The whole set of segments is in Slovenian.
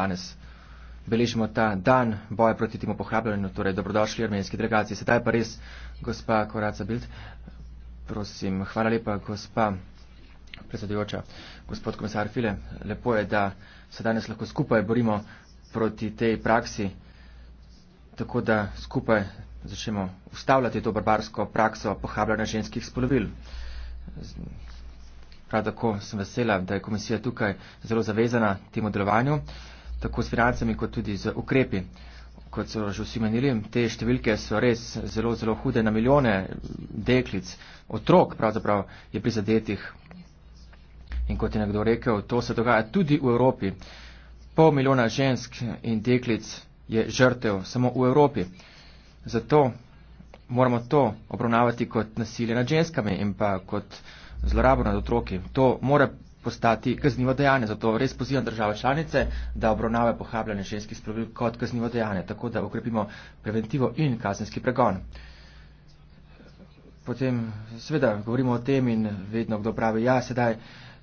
danes beležimo ta dan boja proti temu pohabljanju, torej dobrodošli armenski delegaciji. Sedaj pa res, gospa Koraca Bild, prosim, hvala lepa, gospa predsedujoča, gospod komisar File, lepo je, da se danes lahko skupaj borimo proti tej praksi, tako da skupaj začnemo ustavljati to barbarsko prakso pohabljanja ženskih spolovil. Prav tako sem vesela, da je komisija tukaj zelo zavezana temu delovanju. Uh, tako s financami, kot tudi z ukrepi. Kot so že vsi menili, te številke so res zelo, zelo hude na milijone deklic, otrok pravzaprav je prizadetih. In kot je nekdo rekel, to se dogaja tudi v Evropi. Pol milijona žensk in deklic je žrtev samo v Evropi. Zato moramo to obravnavati kot nasilje nad ženskami in pa kot zlorabo nad otroki. To mora postati kaznivo dejanje. Zato res pozivam države članice, da obravnave pohabljanje ženskih spolov kot kaznivo dejanje, tako da ukrepimo preventivo in kazenski pregon. Potem seveda govorimo o tem in vedno kdo pravi, ja, sedaj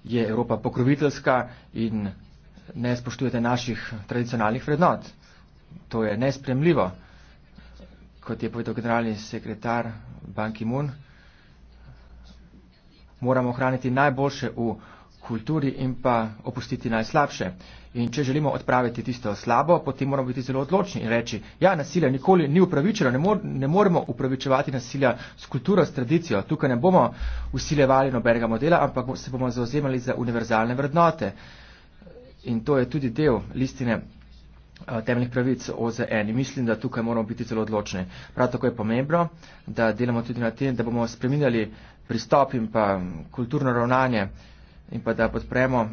je Evropa pokroviteljska in ne spoštujete naših tradicionalnih vrednot. To je nespremljivo, kot je povedal generalni sekretar Banki Mun. Moramo ohraniti najboljše v kulturi in pa opustiti najslabše. In če želimo odpraviti tisto slabo, potem moramo biti zelo odločni in reči, ja, nasilje nikoli ni upravičeno, ne, mor ne moremo upravičevati nasilja s kulturo, s tradicijo. Tukaj ne bomo usilevali nobenega modela, ampak se bomo zauzemali za univerzalne vrednote. In to je tudi del listine eh, temeljnih pravic OZN. Mislim, da tukaj moramo biti zelo odločni. Prav tako je pomembno, da delamo tudi na tem, da bomo spreminjali pristop in pa mm, kulturno ravnanje uh, in pa da podpremo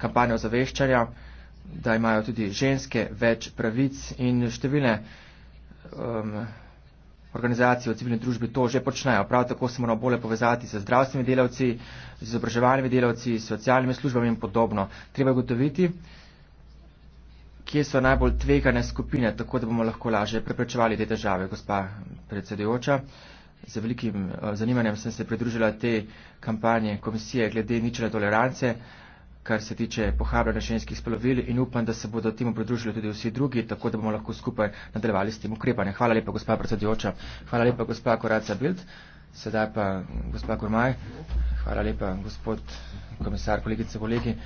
kampanjo zaveščanja, da imajo tudi ženske več pravic in številne um, organizacije v civilni družbi to že počnejo. Prav tako se moramo bolje povezati z zdravstvenimi delavci, z izobraževalnimi delavci, s socialnimi službami in podobno. Treba je gotoviti, kje so najbolj tvegane skupine, tako da bomo lahko lažje preprečevali te države, gospa predsedujoča z velikim eh, zanimanjem sem se pridružila te kampanje komisije glede ničele tolerance, kar se tiče pohabljanja ženskih spolovil in upam, da se bodo temu pridružili tudi vsi drugi, tako da bomo lahko skupaj nadaljevali s tem ukrepanjem. Hvala lepa, gospa predsedujoča. Hvala lepa, gospa Koraca Bild. Sedaj pa gospa Gormaj. Hvala lepa, gospod komisar, kolegice, kolegi.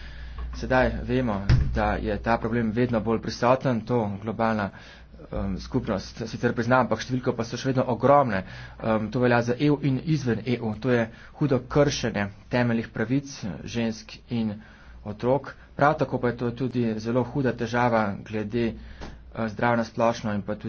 Sedaj vemo, da je ta problem vedno bolj prisoten, to globalna um, skupnost sicer prizna, ampak številke pa so še vedno ogromne. Um, to velja za EU in izven EU. To je hudo kršenje temeljih pravic žensk in otrok. Prav tako pa je to tudi zelo huda težava glede uh, zdravja na splošno in pa tudi.